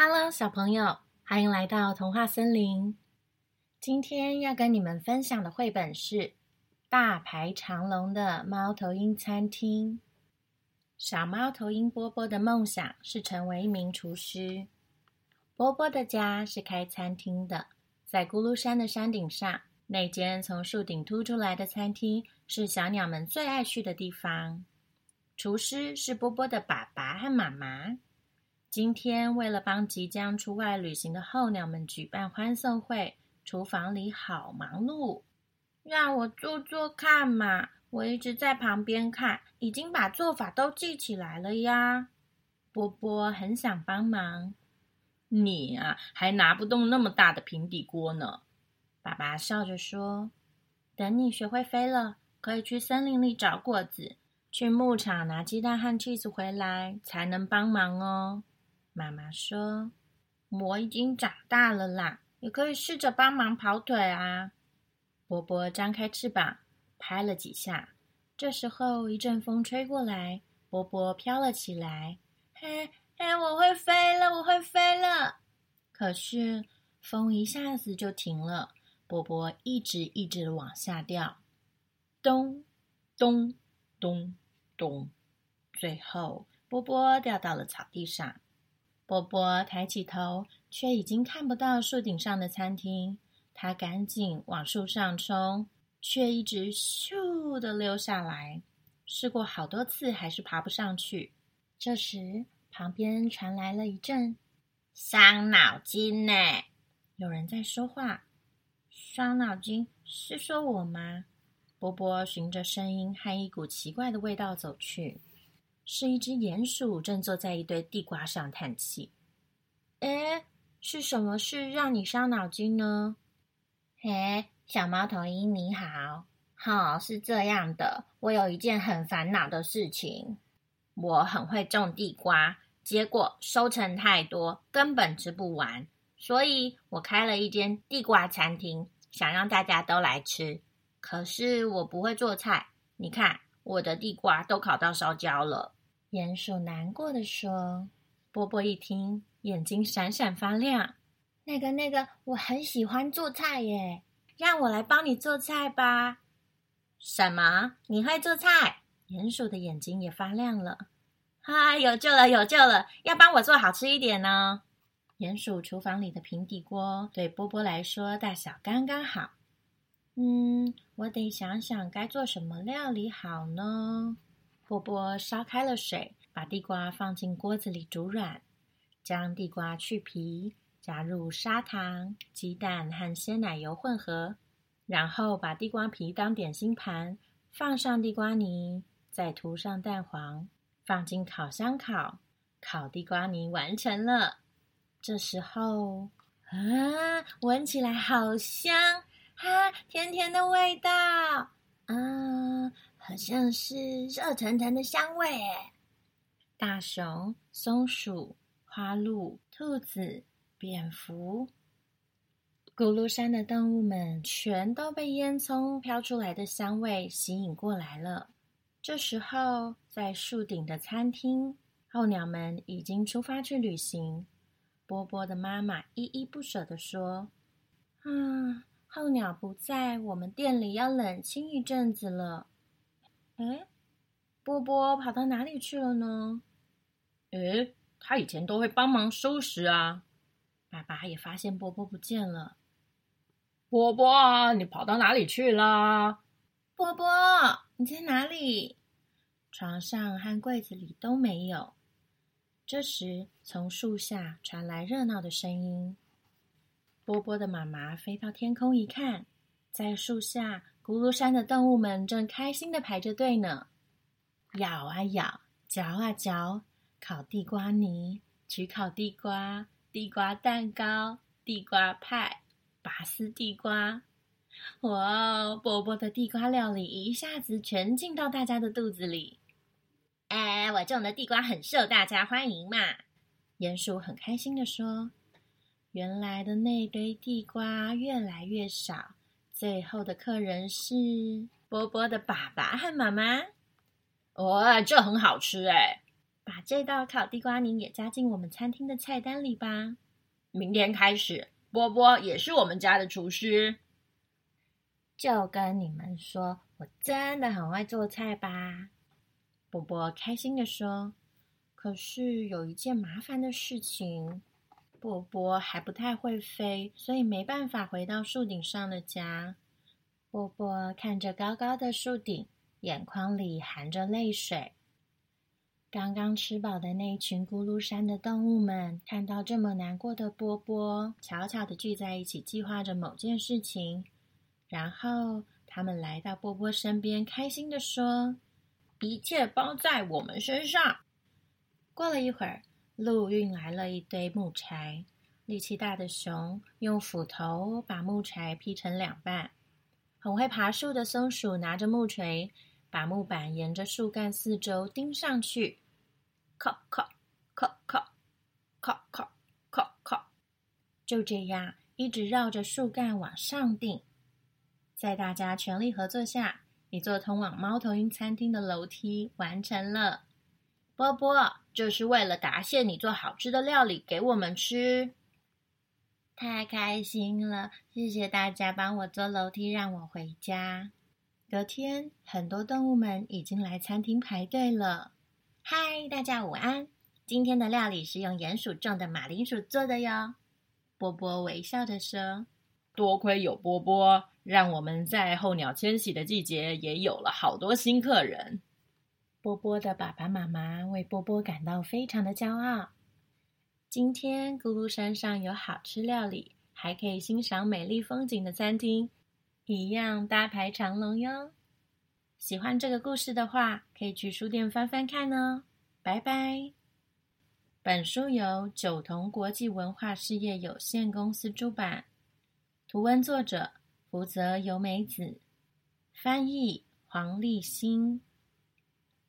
哈嘍，Hello，小朋友，歡迎來到童話森林。今天要跟你們分享的繪本是《大排長龍的貓頭鷹餐廳》。小貓頭鷹波波的夢想是成為一名廚師。波波的家是開餐廳的，在咕嚕山的山頂上，那間從樹頂突出來的餐廳是小鳥們最愛去的地方。廚師是波波的爸爸和媽媽。今天為了幫即將出外旅行的候鳥們舉辦歡送會，廚房裡好忙碌。讓我做做看嘛，我一直在旁邊看，已經把做法都記起來了呀。波波很想幫忙，你啊，還拿不動那麼大的平底鍋呢？爸爸笑着說：“等你學會飛了，可以去森林裡找果子，去牧場拿雞蛋和 cheese 回來，才能幫忙哦。”媽媽說：“我已經長大了啦，你可以試着幫忙跑腿啊。”波波張開翅膀拍了幾下，這時候一陣風吹過來，波波飄了起來。“嘿嘿嘿，我會飛了，我會飛了！”可是風一下子就停了，波波一直一直往下掉，咚，咚，咚，咚，咚。最後波波掉到了草地上。波波抬起頭，卻已經看不到樹頂上的餐廳。他趕緊往樹上衝，卻一直咻的溜下來。試過好多次，還是爬不上去。這時，旁邊傳來了一陣“傷腦筋”呢，有人在說話。“傷腦筋”是說我嗎？波波循着聲音和一股奇怪的味道走去。是一隻鼴鼠，正坐在一堆地瓜上嘆氣。哎，是什麼事讓你傷腦筋呢？嘿，小貓頭鷹，你好。好、哦，是這樣的，我有一件很煩惱的事情。我很會種地瓜，結果收成太多，根本吃不完，所以我開了一間地瓜餐廳，想讓大家都來吃。可是我不會做菜，你看我的地瓜都烤到燒焦了。鼴鼠難過地說：“波波一聽，眼睛閃閃發亮。那個，那個，我很喜歡做菜耶，讓我來幫你做菜吧。”“什麼？你會做菜？”鼴鼠的眼睛也發亮了。“哈、啊，有救了，有救了！要幫我做好吃一點呢、哦。”鼴鼠廚房裡的平底鍋對波波來說大小剛剛好。嗯，我得想想該做什麼料理好呢。波波燒開了水，把地瓜放進鍋子裡煮軟，將地瓜去皮，加入砂糖、雞蛋和鮮奶油混合，然後把地瓜皮當點心盤，放上地瓜泥，再塗上蛋黃，放進烤箱烤，烤地瓜泥完成了。這時候啊，聞起來好香，哈，啊，甜甜的味道。好像是熱騰騰的香味誒、大熊、松鼠、花鹿、兔子、蝙蝠，咕嚕山的動物們全都被煙囪飄出來的香味吸引過來了。這時候，在樹頂的餐廳，候鳥們已經出發去旅行。波波的媽媽依依不捨地說：“啊，候鳥不在，我們店裡要冷清一陣子了。”哎，波波跑到哪裡去了呢？誒，他以前都會幫忙收拾啊。爸爸也發現波波不見了。波波，你跑到哪裡去啦？波波，你在哪裡？床上和櫃子裡都沒有。這時，從樹下傳來熱鬧的聲音。波波的媽媽飛到天空一看，在樹下。葫蘆山的動物們正開心的排着隊呢。咬啊咬，嚼啊嚼，烤地瓜泥，取烤地瓜，地瓜蛋糕，地瓜派，拔絲地瓜，哇哦，波波的地瓜料理一下子全進到大家的肚子裡。哎，我種的地瓜很受大家歡迎嘛。鼴鼠很開心的說。原來的那堆地瓜越來越少。最後的客人是波波的爸爸和媽媽。哦，這很好吃哎！把這道烤地瓜泥也加進我們餐廳的菜單裡吧。明天開始，波波也是我們家的廚師。就跟你們說，我真的很愛做菜吧。波波開心的說：“可是有一件麻煩的事情。”波波還不太會飛，所以沒辦法回到樹頂上的家。波波看着高高的樹頂，眼眶裡含着淚水。剛剛吃飽的那群咕嚕山的動物們，看到這麼難過的波波，悄悄的聚在一起，計劃着某件事情。然後他們來到波波身邊，開心的說：“一切包在我們身上。”過了一會兒。鹿運來了一堆木柴，力氣大的熊用斧頭把木柴劈成兩半。很會爬樹的松鼠拿着木錘，把木板沿着樹幹四周釘上去。扣扣扣扣扣扣扣扣，就這樣一直繞着樹幹往上釘。在大家全力合作下，一座通往貓頭鷹餐廳的樓梯完成了。波波，這是為了答謝你做好吃的料理給我們吃，太開心了！謝謝大家幫我做樓梯讓我回家。隔天，很多動物們已經來餐廳排隊了。嗨，大家午安！今天的料理是用鼴鼠種的馬鈴薯做的喲。波波微笑着說：“多虧有波波，讓我們在候鳥遷徙的季節也有了好多新客人。”波波的爸爸媽媽為波波感到非常的驕傲。今天咕嚕山上有好吃料理，還可以欣賞美麗風景的餐廳，一樣大排長龍喲。喜歡這個故事的話，可以去書店翻翻看哦。拜拜。本書由九童國際文化事業有限公司出版，圖文作者福澤由美子，翻譯黃立忻。